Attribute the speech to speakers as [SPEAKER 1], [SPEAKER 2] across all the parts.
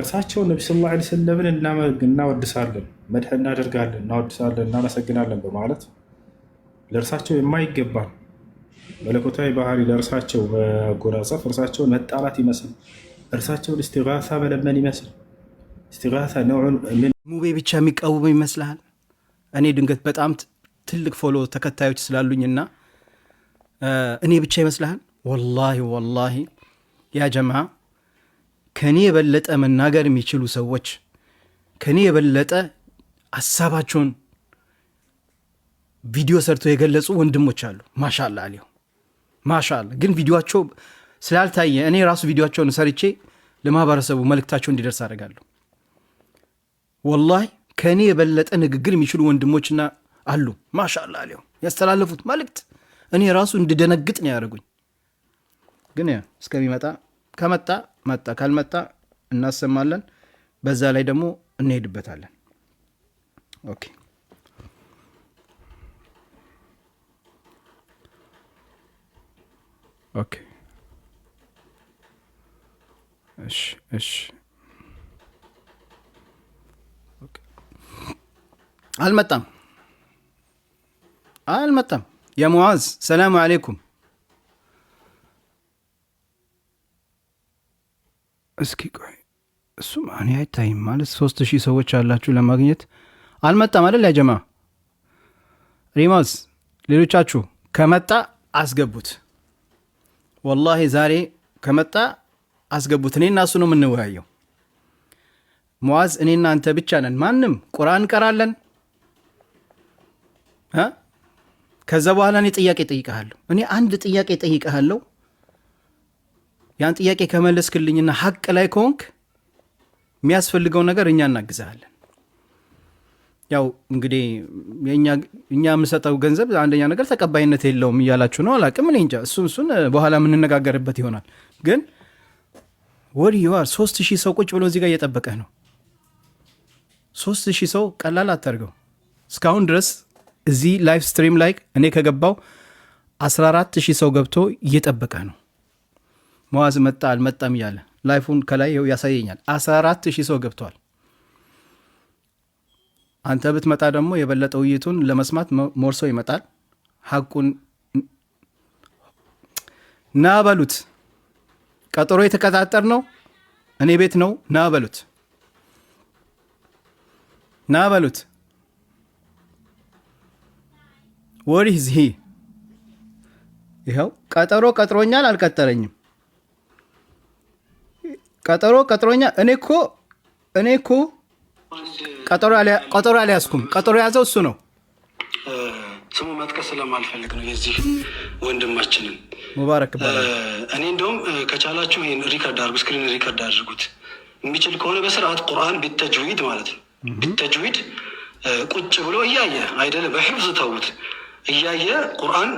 [SPEAKER 1] እርሳቸው ነቢ ስ ላ ስለምን እናወድሳለን፣ መድህ እናደርጋለን፣ እናወድሳለን፣ እናመሰግናለን በማለት ለእርሳቸው የማይገባል መለኮታዊ ባህሪ ለእርሳቸው መጎናጸፍ እርሳቸውን መጣላት ይመስል እርሳቸውን እስቲጋሳ መለመን ይመስል እስቲጋሳ ነውን
[SPEAKER 2] ሙቤ ብቻ የሚቃወሙ ይመስልሃል? እኔ ድንገት በጣም ትልቅ ፎሎ ተከታዮች ስላሉኝና እኔ ብቻ ይመስልሃል? ወላሂ ወላሂ ያ ጀማ ከኔ የበለጠ መናገር የሚችሉ ሰዎች ከኔ የበለጠ ሀሳባቸውን ቪዲዮ ሰርተው የገለጹ ወንድሞች አሉ። ማሻላ አሊሁ ማሻላ። ግን ቪዲዮቸው ስላልታየ እኔ ራሱ ቪዲዮቸውን ሰርቼ ለማህበረሰቡ መልእክታቸው እንዲደርስ አደርጋለሁ። ወላሂ ከእኔ የበለጠ ንግግር የሚችሉ ወንድሞችና አሉ። ማሻላ አሊሁ ያስተላለፉት መልእክት እኔ ራሱ እንድደነግጥ ነው ያደርጉኝ። ግን እስከሚመጣ ከመጣ መጣ ካልመጣ እናሰማለን። በዛ ላይ ደግሞ እንሄድበታለን። ኦኬ ኦኬ እሺ እሺ አልመጣም አልመጣም። የሙዓዝ ሰላም አሌይኩም እስኪ ቆይ እሱም እኔ አይታይም ማለት ሶስት ሺህ ሰዎች ያላችሁ ለማግኘት አልመጣም አይደል? ያጀማ ሪማዝ፣ ሌሎቻችሁ ከመጣ አስገቡት። ወላሂ ዛሬ ከመጣ አስገቡት። እኔ እናሱ እሱ ነው የምንወያየው። ሙዓዝ፣ እኔ እናንተ አንተ ብቻ ነን። ማንም ቁርአን እንቀራለን። ከዛ በኋላ እኔ ጥያቄ ጠይቀሃለሁ። እኔ አንድ ጥያቄ ጠይቀሃለሁ ያን ጥያቄ ከመለስክልኝና ሀቅ ላይ ከሆንክ የሚያስፈልገው ነገር እኛ እናግዝሃለን። ያው እንግዲህ እኛ የምሰጠው ገንዘብ አንደኛ ነገር ተቀባይነት የለውም እያላችሁ ነው። አላቅም እኔ እንጃ። እሱን እሱን በኋላ የምንነጋገርበት ይሆናል። ግን ወዲ ዋር ሶስት ሺህ ሰው ቁጭ ብሎ እዚህ ጋር እየጠበቀህ ነው። ሶስት ሺህ ሰው ቀላል አታርገው። እስካሁን ድረስ እዚህ ላይፍ ስትሪም ላይ እኔ ከገባው 14 ሺህ ሰው ገብቶ እየጠበቀ ነው። መዋዝ መጣ አልመጣም እያለ ላይፉን ከላይ ው ያሳየኛል። 14 ሺህ ሰው ገብቷል። አንተ ብትመጣ ደግሞ የበለጠ ውይይቱን ለመስማት ሞርሶ ይመጣል። ሀቁን ና በሉት። ቀጠሮ የተቀጣጠር ነው እኔ ቤት ነው። ና በሉት፣ ና በሉት። ወዲህ ዚህ ይኸው ቀጠሮ ቀጥሮኛል፣ አልቀጠረኝም ቀጠሮ ቀጥሮኛ እኔ እኮ እኔ እኮ ቀጠሮ አልያዝኩም። ቀጠሮ የያዘው እሱ ነው።
[SPEAKER 3] ስሙ መጥቀስ ስለማልፈልግ ነው። የዚህ ወንድማችንን ሙባረክ እኔ እንደውም ከቻላችሁ ይህን ሪከርድ አድርጉ፣ ስክሪን ሪከርድ አድርጉት። የሚችል ከሆነ በስርዓት ቁርአን ቢተጅዊድ ማለት ነው ቢተጅዊድ ቁጭ ብሎ እያየ አይደለ በሕፍዝ ተውት እያየ ቁርአን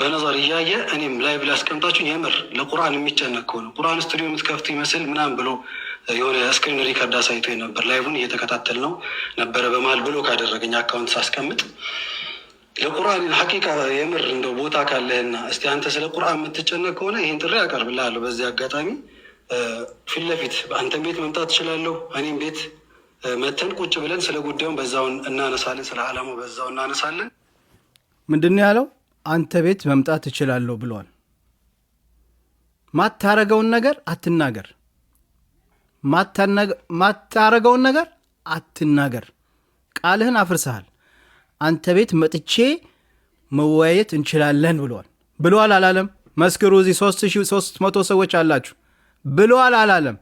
[SPEAKER 3] በነظር እያየ እኔም ላይ ብላ አስቀምጣችሁ የምር ለቁርአን የሚጨነቅ ከሆነ ቁርአን ስቱዲዮ የምትከፍት ይመስል ምናምን ብሎ የሆነ ስክሪን ሪከርድ አሳይቶ ነበር። ላይቡን እየተከታተል ነው ነበረ። በመሀል ብሎ ካደረገኝ አካውንት ሳስቀምጥ ለቁርአን ሀቂቃ የምር እንደው ቦታ ካለህና እስቲ አንተ ስለ ቁርአን የምትጨነቅ ከሆነ ይህን ጥሪ አቀርብልሃለሁ። በዚህ አጋጣሚ ፊት ለፊት አንተን ቤት መምጣት ትችላለሁ። እኔም ቤት መተን ቁጭ ብለን ስለ ጉዳዩን በዛውን እናነሳለን፣ ስለ አላማው በዛው እናነሳለን።
[SPEAKER 2] ምንድን ነው ያለው? አንተ ቤት መምጣት እችላለሁ ብሏል። ማታረገውን ነገር አትናገር፣ ማታረገውን ነገር አትናገር። ቃልህን አፍርሰሃል። አንተ ቤት መጥቼ መወያየት እንችላለን ብሏል። ብሏል አላለም? መስክሩ። እዚህ ሦስት ሺህ ሦስት መቶ ሰዎች አላችሁ። ብሏል አላለም?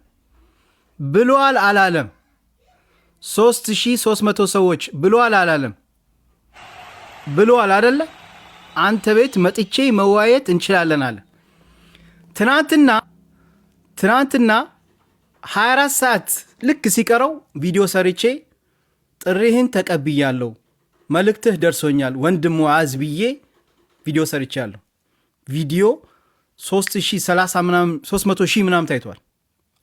[SPEAKER 2] ብሏል አላለም? ሦስት ሺህ ሦስት መቶ ሰዎች ብሏል አላለም? ብሏል አደለም? አንተ ቤት መጥቼ መወያየት እንችላለን አለ። ትናንትና ትናንትና 24 ሰዓት ልክ ሲቀረው ቪዲዮ ሰርቼ ጥሪህን ተቀብያለሁ፣ መልእክትህ ደርሶኛል ወንድም ሙዓዝ ብዬ ቪዲዮ ሰርቻለሁ። ቪዲዮ 330 ሺህ ምናምን ታይቷል፣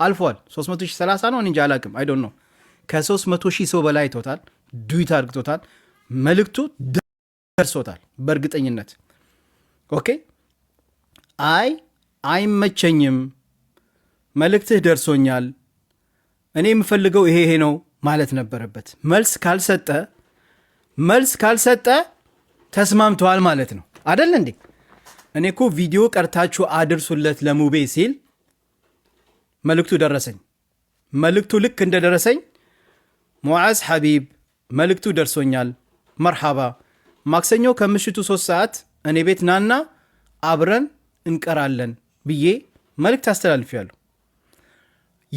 [SPEAKER 2] አልፏል። 330 ነው እንጂ አላቅም፣ አይ ዶንት ኖ። ከ300 ሺህ ሰው በላይ አይቶታል፣ ዱዊት አርግቶታል፣ መልእክቱ ደርሶታል። በእርግጠኝነት ኦኬ። አይ አይመቸኝም፣ መልእክትህ ደርሶኛል፣ እኔ የምፈልገው ይሄ ይሄ ነው ማለት ነበረበት። መልስ ካልሰጠ መልስ ካልሰጠ ተስማምተዋል ማለት ነው አደለ እንዴ? እኔ እኮ ቪዲዮ ቀርታችሁ አድርሱለት ለሙቤ ሲል መልእክቱ ደረሰኝ። መልእክቱ ልክ እንደደረሰኝ ሙዓዝ ሐቢብ መልእክቱ ደርሶኛል፣ መርሓባ ማክሰኞ ከምሽቱ ሶስት ሰዓት እኔ ቤት ናና አብረን እንቀራለን ብዬ መልእክት ያለሁ።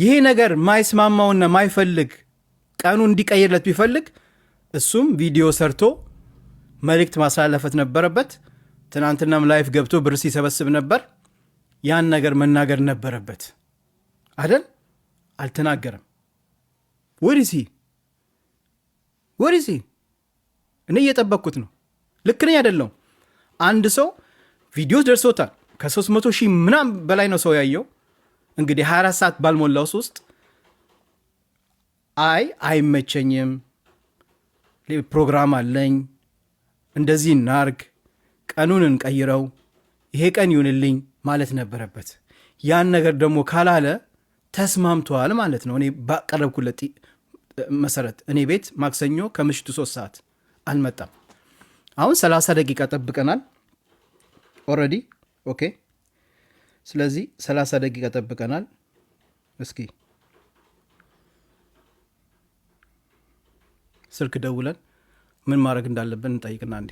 [SPEAKER 2] ይሄ ነገር ማይስማማውና ማይፈልግ ቀኑ እንዲቀይርለት ቢፈልግ እሱም ቪዲዮ ሰርቶ መልእክት ማስተላለፈት ነበረበት። ትናንትናም ላይፍ ገብቶ ብር ሲሰበስብ ነበር። ያን ነገር መናገር ነበረበት አደል? አልተናገረም። ወዲሲ ወዲሲ እኔ እየጠበቅኩት ነው። ልክ ነኝ አንድ ሰው ቪዲዮ ደርሶታል። ከ300 ሺህ ምናም በላይ ነው ሰው ያየው። እንግዲህ 24 ሰዓት ባልሞላው ውስጥ አይ አይመቸኝም፣ ፕሮግራም አለኝ፣ እንደዚህ እናርግ፣ ቀኑን እንቀይረው፣ ይሄ ቀን ይሁንልኝ ማለት ነበረበት። ያን ነገር ደግሞ ካላለ ተስማምተዋል ማለት ነው። እኔ ባቀረብኩለት መሰረት እኔ ቤት ማክሰኞ ከምሽቱ ሶስት ሰዓት አልመጣም። አሁን 30 ደቂቃ ጠብቀናል ኦልሬዲ። ኦኬ ስለዚህ 30 ደቂቃ ጠብቀናል። እስኪ ስልክ ደውለን ምን ማድረግ እንዳለብን እንጠይቅና እንዴ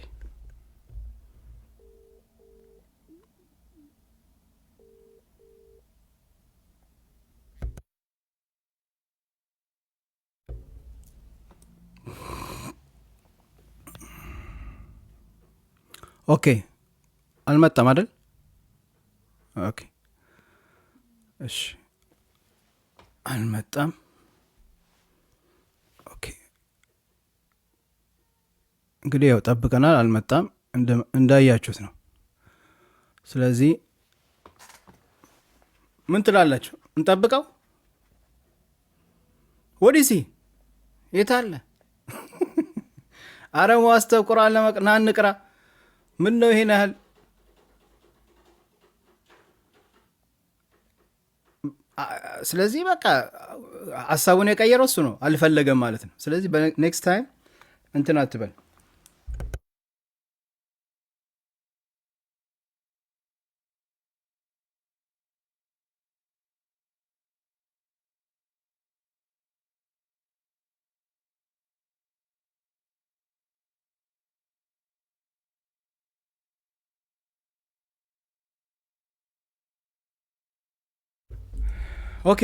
[SPEAKER 2] ኦኬ አልመጣም አይደል? ኦኬ እሺ፣ አልመጣም። ኦኬ እንግዲህ ያው ጠብቀናል፣ አልመጣም እንዳያችሁት ነው። ስለዚህ ምን ትላላችሁ? እንጠብቀው? ወዲሲ የት አለ? አረ ዋስተብ ቁርአን ለመቅ ናንቅራ ምን ነው ይሄን ያህል ስለዚህ በቃ ሀሳቡን የቀየረው እሱ ነው፣ አልፈለገም ማለት ነው። ስለዚህ ኔክስት ታይም እንትን አትበል። ኦኬ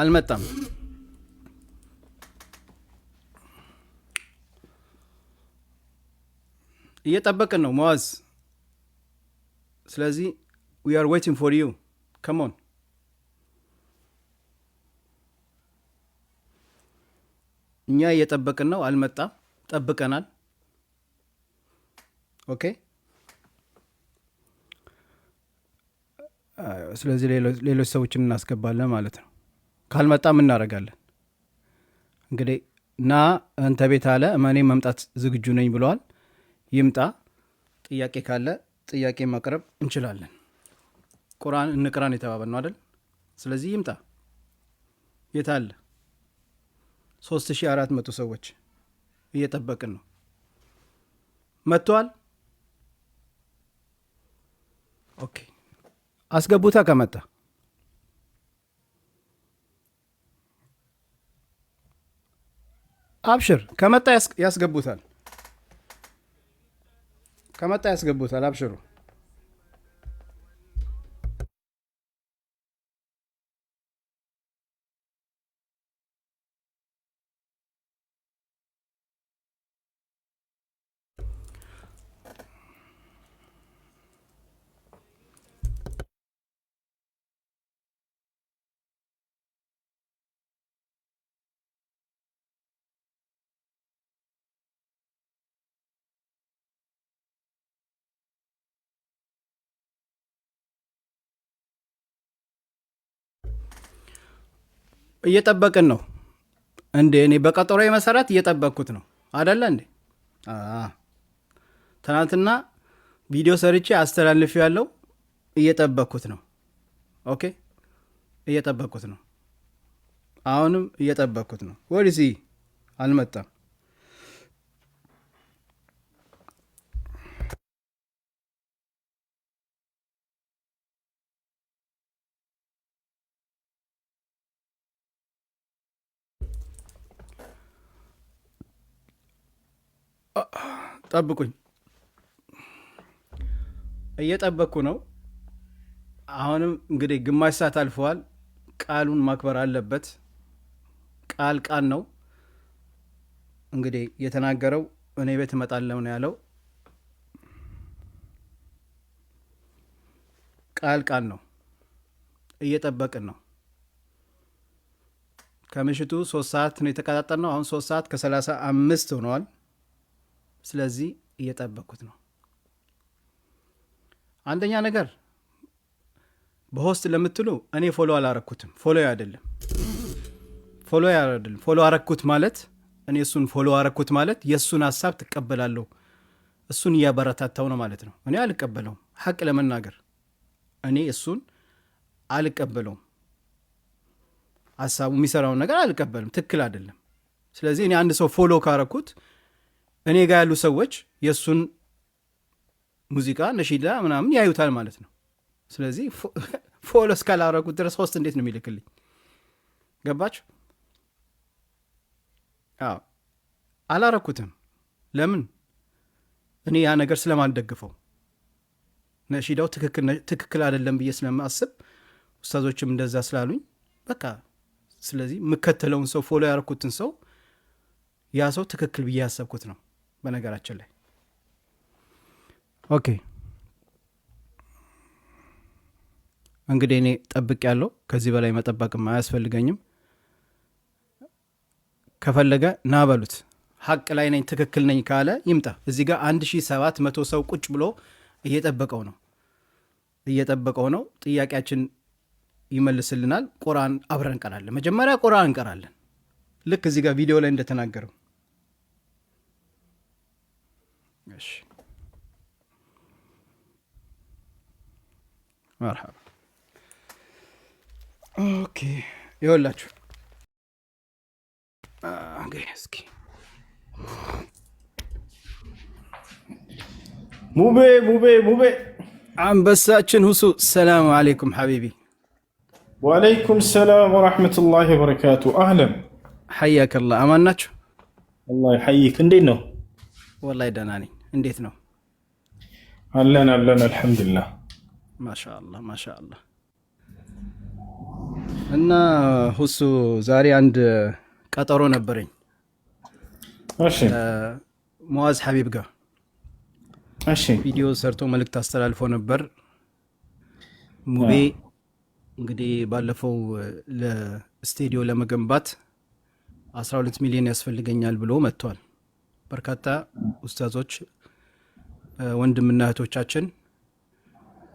[SPEAKER 2] አልመጣም። እየጠበቅን ነው መዋዝ። ስለዚህ ዊ አር ዌቲንግ ፎር ዩ ከሞን እኛ እየጠበቅን ነው። አልመጣም። ጠብቀናል። ኦኬ ስለዚህ ሌሎች ሰዎችን እናስገባለን ማለት ነው። ካልመጣም እናደርጋለን። እንግዲህ ና እንተ ቤት አለ እመኔ መምጣት ዝግጁ ነኝ ብለዋል። ይምጣ። ጥያቄ ካለ ጥያቄ ማቅረብ እንችላለን። ቁርአን እንቅራን የተባበል ነው አደል? ስለዚህ ይምጣ። የት አለ? ሶስት ሺ አራት መቶ ሰዎች እየጠበቅን ነው። መጥተዋል። ኦኬ አስገቡታ ከመጣ አብሽር ከመጣ ያስገቡታል። ከመጣ ያስገቡታል። አብሽሩ። እየጠበቅን ነው እንዴ? እኔ በቀጠሮ መሰረት እየጠበቅኩት ነው አደለ እንዴ? ትናንትና ቪዲዮ ሰርቼ አስተላልፍ ያለው እየጠበቅኩት ነው። ኦኬ እየጠበቅኩት ነው። አሁንም እየጠበቅኩት ነው። ወዲሲ አልመጣም። ጠብቁኝ፣ እየጠበቅኩ ነው። አሁንም እንግዲህ ግማሽ ሰዓት አልፈዋል። ቃሉን ማክበር አለበት። ቃል ቃል ነው። እንግዲህ የተናገረው እኔ ቤት እመጣለሁ ነው ያለው። ቃል ቃል ነው። እየጠበቅን ነው። ከምሽቱ ሶስት ሰዓት ነው የተቀጣጠን ነው። አሁን ሶስት ሰዓት ከሰላሳ አምስት ሆነዋል። ስለዚህ እየጠበኩት ነው። አንደኛ ነገር በሆስት ለምትሉ እኔ ፎሎ አላረኩትም። ፎሎ አይደለም ፎሎ አይደለም። ፎሎ አረኩት ማለት እኔ እሱን ፎሎ አረኩት ማለት የእሱን ሀሳብ ትቀበላለሁ። እሱን እያበረታታው ነው ማለት ነው። እኔ አልቀበለውም። ሀቅ ለመናገር እኔ እሱን አልቀበለውም። ሀሳቡ የሚሰራውን ነገር አልቀበልም። ትክክል አይደለም። ስለዚህ እኔ አንድ ሰው ፎሎ ካረኩት እኔ ጋር ያሉ ሰዎች የእሱን ሙዚቃ ነሺዳ ምናምን ያዩታል ማለት ነው። ስለዚህ ፎሎ እስካላረጉት ድረስ ሆስት እንዴት ነው የሚልክልኝ? ገባችሁ? አዎ አላረኩትም። ለምን? እኔ ያ ነገር ስለማልደግፈው ነሺዳው ትክክል አይደለም ብዬ ስለማስብ ኡስታዞችም እንደዛ ስላሉኝ በቃ ስለዚህ የምከተለውን ሰው ፎሎ ያረኩትን ሰው ያ ሰው ትክክል ብዬ ያሰብኩት ነው። በነገራችን ላይ ኦኬ እንግዲህ እኔ ጠብቅ ያለው ከዚህ በላይ መጠበቅም አያስፈልገኝም። ከፈለገ ና በሉት። ሀቅ ላይ ነኝ፣ ትክክል ነኝ ካለ ይምጣ። እዚህ ጋር አንድ ሺህ ሰባት መቶ ሰው ቁጭ ብሎ እየጠበቀው ነው እየጠበቀው ነው። ጥያቄያችን ይመልስልናል። ቁርአን አብረን እንቀራለን። መጀመሪያ ቁርአን እንቀራለን። ልክ እዚህ ጋር ቪዲዮ ላይ እንደተናገረው ماشي مرحبا اوكي شو آه جهزكي موبي موبي موبي عم بس اتشن هسو السلام عليكم حبيبي
[SPEAKER 4] وعليكم السلام ورحمة الله وبركاته أهلا
[SPEAKER 2] حياك الله أماناتشو
[SPEAKER 4] الله يحييك اندينو
[SPEAKER 2] والله دناني እንዴት ነው?
[SPEAKER 4] አለን አለን፣ አልሐምዱላ
[SPEAKER 2] ማሻአላ ማሻአላ። እና ሁሱ ዛሬ አንድ ቀጠሮ ነበረኝ ሙአዝ ሀቢብ ጋር ቪዲዮ ሰርቶ መልእክት አስተላልፎ ነበር። ሙቤ እንግዲህ ባለፈው ለስቴዲዮ ለመገንባት 12 ሚሊዮን ያስፈልገኛል ብሎ መጥቷል። በርካታ ኡስታዞች ወንድምና እህቶቻችን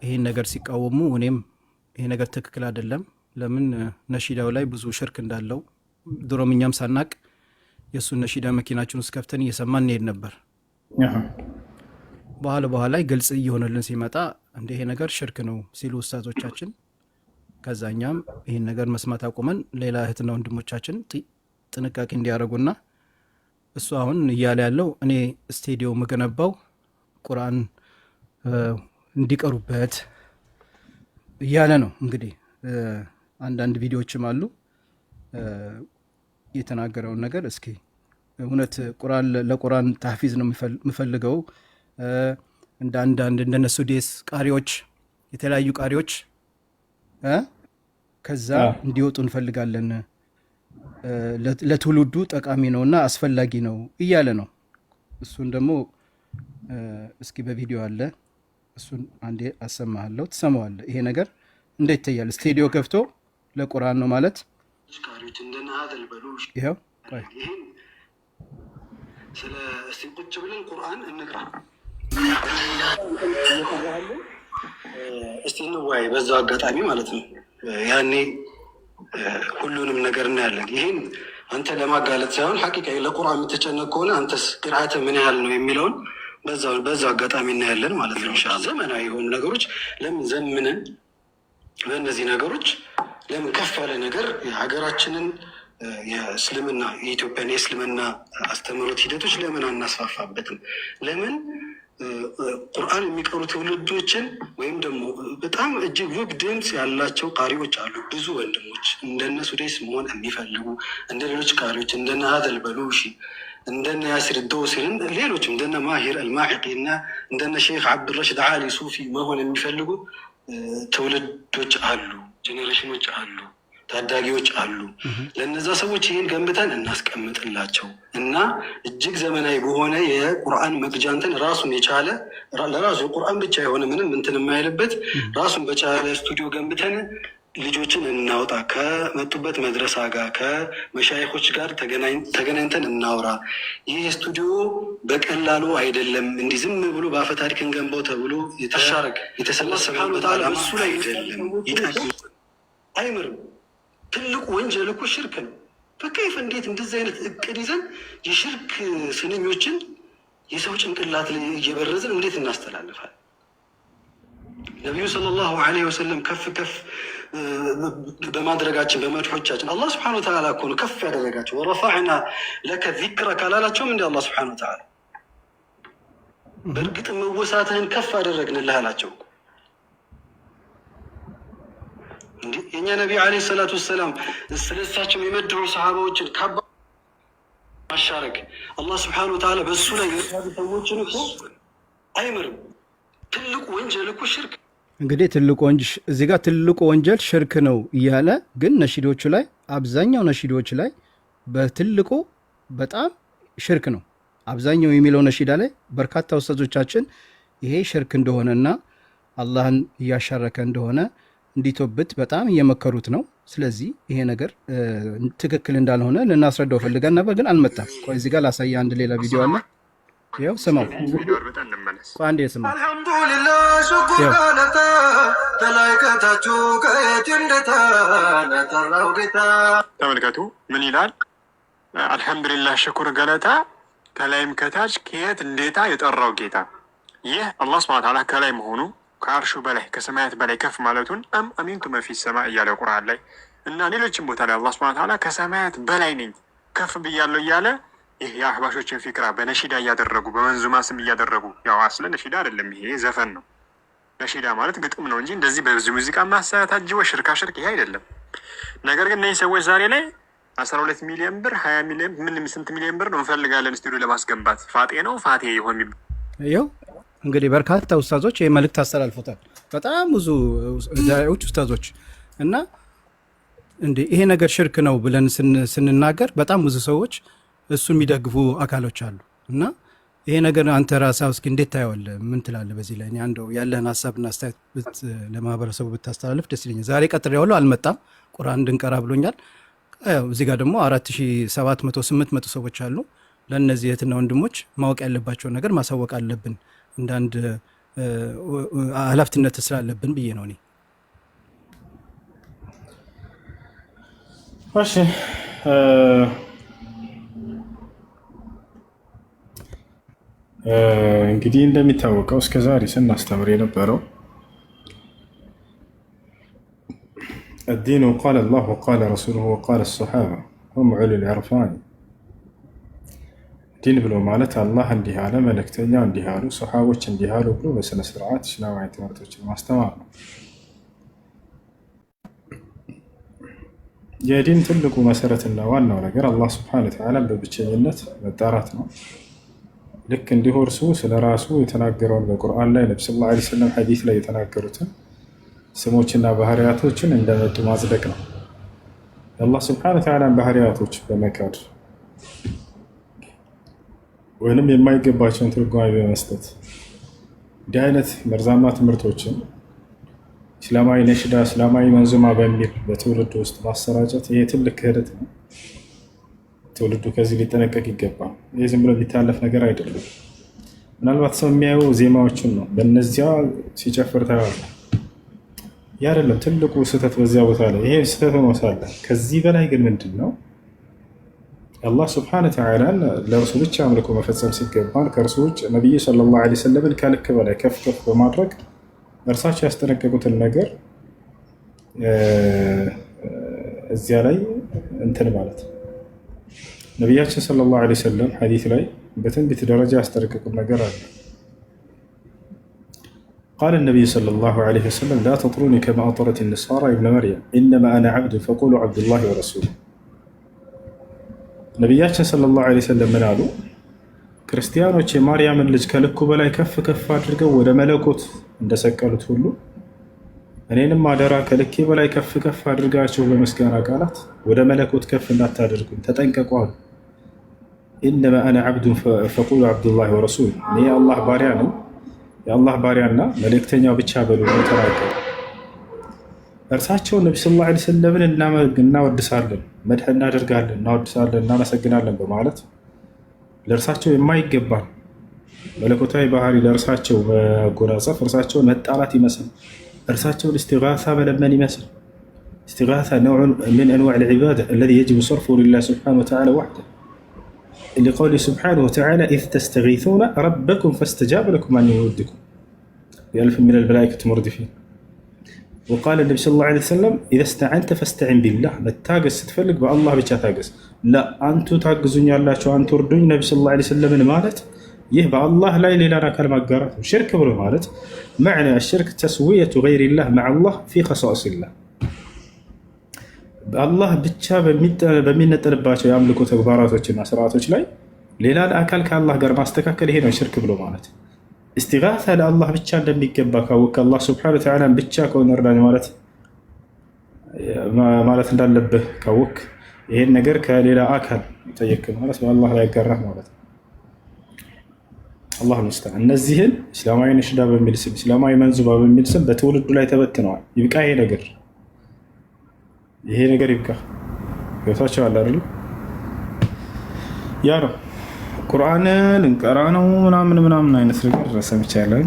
[SPEAKER 2] ይህን ነገር ሲቃወሙ እኔም ይሄ ነገር ትክክል አይደለም፣ ለምን ነሺዳው ላይ ብዙ ሽርክ እንዳለው ድሮም እኛም ሳናቅ የእሱን ነሺዳ መኪናችን ውስጥ ከፍተን እየሰማን እንሄድ ነበር። በኋላ በኋላ ላይ ግልጽ እየሆነልን ሲመጣ እንደ ይሄ ነገር ሽርክ ነው ሲሉ ውስታቶቻችን፣ ከዛኛም ይህን ነገር መስማት አቁመን ሌላ እህትና ወንድሞቻችን ጥንቃቄ እንዲያደርጉና እሱ አሁን እያለ ያለው እኔ ስቴዲዮም ገነባው ቁርአን እንዲቀሩበት እያለ ነው። እንግዲህ አንዳንድ ቪዲዮዎችም አሉ የተናገረውን ነገር እስኪ እውነት ቁርአን ለቁርአን ታፊዝ ነው የምፈልገው እንደ አንዳንድ እንደነሱ ዴስ ቃሪዎች፣ የተለያዩ ቃሪዎች ከዛ እንዲወጡ እንፈልጋለን ለትውልዱ ጠቃሚ ነው እና አስፈላጊ ነው እያለ ነው። እሱን ደግሞ እስኪ በቪዲዮ አለ። እሱን አንዴ አሰማሃለሁ፣ ትሰማዋለህ። ይሄ ነገር እንዴት ይታያል? ስቴዲዮ ከፍቶ ለቁርአን ነው ማለት ይኸው። ቆይ
[SPEAKER 5] ስለ እስቲ ቁጭ ብለን ቁርአን እንቅራ እስቲ እንዋይ፣ በዛው አጋጣሚ ማለት ነው። ያኔ ሁሉንም ነገር እናያለን። ይህን አንተ ለማጋለጥ ሳይሆን ሐቂቃ ለቁርአን የምትጨነቅ ከሆነ አንተስ ቅርአትህ ምን ያህል ነው የሚለውን በዛው አጋጣሚ እናያለን ማለት ነው። ዘመናዊ የሆኑ ነገሮች ለምን ዘምንን በእነዚህ ነገሮች ለምን ከፍ ያለ ነገር የሀገራችንን የእስልምና የኢትዮጵያን የእስልምና አስተምህሮት ሂደቶች ለምን አናስፋፋበትም? ለምን ቁርአን የሚቀሩ ትውልዶችን ወይም ደግሞ በጣም እጅግ ውብ ድምፅ ያላቸው ቃሪዎች አሉ። ብዙ ወንድሞች እንደነ ሱዴስ መሆን የሚፈልጉ እንደ ሌሎች ቃሪዎች እንደነ በሉ በሉሺ እንደነ ያሲር ደውሲርን ሌሎችም እንደነ ማሂር አልማዕቂ እና እንደነ ሼክ አብዱረሽድ ዓሊ ሱፊ መሆን የሚፈልጉ ትውልዶች አሉ፣ ጄኔሬሽኖች አሉ፣ ታዳጊዎች አሉ። ለነዛ ሰዎች ይህን ገንብተን እናስቀምጥላቸው እና እጅግ ዘመናዊ በሆነ የቁርአን መቅጃንትን ራሱን የቻለ ለራሱ የቁርአን ብቻ የሆነ ምንም እንትን የማይልበት ራሱን በቻለ ስቱዲዮ ገንብተን ልጆችን እናውጣ፣ ከመጡበት መድረሳ ጋር ከመሻይኮች ጋር ተገናኝተን እናውራ። ይህ ስቱዲዮ በቀላሉ አይደለም፣ እንዲህ ዝም ብሎ በአፈ ታሪክ እንገንባው ተብሎ የተሰበሰበበት ዓላማ እሱ ላይ አይደለም። አይምርም። ትልቁ ወንጀል እኮ ሽርክ ነው። በከይፍ እንዴት እንደዚህ አይነት እቅድ ይዘን የሽርክ ስንኞችን የሰው ጭንቅላት ላይ እየበረዝን እንዴት እናስተላልፋል? ነቢዩ ሰለላሁ ዐለይሂ ወሰለም ከፍ ከፍ በማድረጋችን በመድሖቻችን አላህ ስብሐነ ወተዓላ እኮ ነው ከፍ ያደረጋቸው። ወረፋዕና ለከ ዚክረከ ካላላቸውም እንዲ አላህ ስብሐነ ወተዓላ በእርግጥ መወሳትህን ከፍ አደረግንልህ አላቸው። እንዲ የእኛ ነቢይ ዓለይሂ ሰላቱ ወሰላም ስለሳቸው የመድሑ ሰሓባዎችን ካባ ማሻረግ አላህ ስብሐነ ወተዓላ በእሱ ላይ ሰዎችን እኮ አይምርም። ትልቁ ወንጀል እኮ ሽርክ
[SPEAKER 2] እንግዲህ ትልቁ እዚህ ጋር ትልቁ ወንጀል ሽርክ ነው እያለ ግን ነሺዶቹ ላይ አብዛኛው ነሺዶች ላይ በትልቁ በጣም ሽርክ ነው አብዛኛው የሚለው ነሺዳ ላይ በርካታ ውስቶቻችን ይሄ ሽርክ እንደሆነና አላህን እያሻረከ እንደሆነ እንዲቶብት በጣም እየመከሩት ነው። ስለዚህ ይሄ ነገር ትክክል እንዳልሆነ ልናስረዳው ፈልገን ነበር፣ ግን አልመጣም። እዚህ ጋር ላሳየ አንድ ሌላ ቪዲዮ አለ። ያው ስማው መለስ አንዴ አልሐምዱሊላ ሽኩር
[SPEAKER 6] ካለታ ከየት እንደታ ጌታ። ተመልከቱ ምን ይላል? አልሐምዱሊላህ ሽኩር ገለታ ከላይም ከታች ከየት እንዴታ የጠራው ጌታ። ይህ አላህ ስብሐ ተዓላ ከላይ መሆኑ ከአርሹ በላይ ከሰማያት በላይ ከፍ ማለቱን አም አሚንቱ መፊት ሰማ እያለ ቁርአን ላይ እና ሌሎችም ቦታ ላይ አላህ ስብሐ ተዓላ ከሰማያት በላይ ነኝ ከፍ ብያለሁ እያለ ይህ የአህባሾችን ፊክራ በነሺዳ እያደረጉ በመንዙማ ስም እያደረጉ ያው አስለ ነሺዳ አይደለም፣ ይሄ ዘፈን ነው። ነሺዳ ማለት ግጥም ነው እንጂ እንደዚህ በብዙ ሙዚቃ ማሳያት አጅቦ ሽርካ ሽርክ ይሄ አይደለም። ነገር ግን እነዚህ ሰዎች ዛሬ ላይ አስራ ሁለት ሚሊዮን ብር ሀያ ሚሊዮን ምን ስንት ሚሊዮን ብር ነው እንፈልጋለን ስቱዲዮ ለማስገንባት ፋጤ ነው ፋቴ ይሆን
[SPEAKER 2] ይው እንግዲህ በርካታ ውስታዞች ይህ መልእክት አስተላልፎታል። በጣም ብዙ ዳዎች ውስታዞች እና እንዲህ ይሄ ነገር ሽርክ ነው ብለን ስንናገር በጣም ብዙ ሰዎች እሱ የሚደግፉ አካሎች አሉ እና ይሄ ነገር አንተ ራሳ እስኪ እንዴት ታየዋለህ? ምን ትላለ? በዚህ ላይ እንደው ያለህን ሀሳብና አስተያየት ለማህበረሰቡ ብታስተላልፍ ደስ ይለኛል። ዛሬ ቀጥሬዋለሁ፣ አልመጣም። ቁርአን እንድንቀራ ብሎኛል። እዚህ ጋር ደግሞ አራት ሺህ ሰባት መቶ ስምንት መቶ ሰዎች አሉ። ለእነዚህ እህትና ወንድሞች ማወቅ ያለባቸውን ነገር ማሳወቅ አለብን እንዳንድ አንድ ኃላፊነት ስላለብን ብዬ ነው እኔ። እሺ እንግዲህ እንደሚታወቀው እስከ ዛሬ ስናስተምር የነበረው الدين قال ላሁ وقال رسوله وقال الصحابة ሁም علو ልዕርፋን ዲን ብሎ ማለት አላህ እንዲህ አለ፣ መልእክተኛ እንዲህ አሉ፣ ሰሓቦች እንዲህ አሉ ብሎ በስነ ስርዓት እስላማዊ ትምህርቶችን ማስተማር ነው። የዲን ትልቁ መሰረትና ዋናው ነገር አላህ ስብሐነ ወተዓላ በብቸኝነት መጣራት ነው። ልክ እንዲሁ እርሱ ስለ ራሱ የተናገረውን በቁርአን ላይ ነቢ ስለ ላ ስለም ሐዲስ ላይ የተናገሩትን ስሞችና ባህሪያቶችን እንደመጡ ማጽደቅ ነው። የአላህ ስብሐነ ተዓላን ባህሪያቶች በመካድ ወይንም የማይገባቸውን ትርጓሜ በመስጠት እንዲህ አይነት መርዛማ ትምህርቶችን እስላማዊ ነሽዳ፣ እስላማዊ መንዙማ በሚል በትውልድ ውስጥ ማሰራጨት ይሄ ትልቅ ክህደት ነው። ትውልዱ ከዚህ ሊጠነቀቅ ይገባል። ይህ ዝም ብሎ ሊታለፍ ነገር አይደለም። ምናልባት ሰው የሚያዩ ዜማዎችን ነው። በነዚያ ሲጨፍር ታያለ። ያ አይደለም ትልቁ ስህተት በዚያ ቦታ ላይ ይሄ ስህተት ሆኖ ሳለ ከዚህ በላይ ግን ምንድን ነው አላህ ስብሐነ ተዓላን ለእርሱ ብቻ አምልኮ መፈጸም ሲገባል ከእርሱ ውጭ ነቢዩ ሰለላሁ ዐለይሂ ወሰለምን ከልክ በላይ ከፍ ከፍ በማድረግ እርሳቸው ያስጠነቀቁትን ነገር እዚያ ላይ እንትን ማለት ነው። ነቢያችን ሰለላሁ ዓለይሂ ወሰለም ሐዲስ ላይ በትንቢት ደረጃ ያስጠነቀቁን ነገር አለ። ቃለ ነቢዩ ሰለላሁ ዓለይሂ ወሰለም ላ ተጥሩኒ ከማ አጠረት ነሳራ ብነ መርያም ኢነማ አነ ዓብዱን ፈቁሉ ዓብዱላሂ ወረሱሉ። ነቢያችን ሰለላሁ ዓለይሂ ወሰለም ምን አሉ? ክርስቲያኖች የማርያምን ልጅ ከልኩ በላይ ከፍ ከፍ አድርገው ወደ መለኮት እንደሰቀሉት ሁሉ እኔንም አደራ ከልኬ በላይ ከፍ ከፍ አድርጋቸው በምስጋና ቃላት ወደ መለኮት ከፍ እንዳታደርጉኝ ተጠንቀቁ አሉ። ኢነማ አነ ዓብዱን ፈቁሉ ዓብዱላህ ወረሱል እኔ የአላህ ባሪያ ነው የአላህ ባሪያና መልእክተኛው ብቻ በሉ ተናገ እርሳቸው ነቢ ስ ላ ስለምን እናወድሳለን መድህ እናደርጋለን እናወድሳለን እናመሰግናለን በማለት ለእርሳቸው የማይገባን መለኮታዊ ባህሪ ለእርሳቸው መጎናጸፍ እርሳቸውን መጣላት ይመስል እርሳቸውን እስቲጋሳ መለመን ይመስል እስቲጋሳ ነውዑን ምን አንዋዕ ልዕባዳ አለዚ የጅቡ ሰርፉ ሊላህ ስብሓነ ወተዓላ ዋሕደ لقوله سبحانه وتعالى إذ تستغيثون ربكم فاستجاب لكم أن يردكم بألف من الملائكة مردفين وقال النبي صلى الله عليه وسلم إذا استعنت فاستعن بالله لا تاقس تفلق الله بيشا تاقس لا أنتو تاقزون يا الله شو أنتو ردون النبي صلى الله عليه وسلم من مالت يهبى الله لا إلي لنا كلمة قرأت وشرك بلو مالت معنى الشرك تسوية غير الله مع الله في خصائص الله አላህ ብቻ በሚነጠልባቸው የአምልኮ ተግባራቶችና ስርዓቶች ላይ ሌላ አካል ከአላህ ጋር ማስተካከል ይሄ ነው ሽርክ ብሎ ማለት። እስቲጋሳ ለአላህ ብቻ እንደሚገባ ካወቅ አላህ ስብሐነሁ ወተዓላ ብቻ ከሆነ እርዳኝ ማለት ማለት እንዳለብህ ካወቅ ይሄን ነገር ከሌላ አካል ጠየቅ ማለት በአላህ ላይ ያጋራህ ማለት አላህ እነዚህን እስላማዊ ነሽዳ በሚል ስም እስላማዊ መንዙባ በሚል ስም በትውልዱ ላይ ተበትነዋል። ይብቃ ይሄ ነገር። ይሄ ነገር ይብቃ። ገብታችኋል አይደል? ያ ነው ቁርአን ልንቀራ ነው ምናምን ምናምን አይነት ነገር ሰምቻለሁ።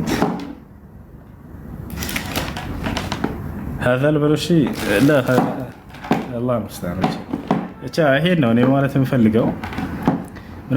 [SPEAKER 2] ሀዛል በለሽ ላ ላ ይሄን ነው እኔ ማለት የምፈልገው።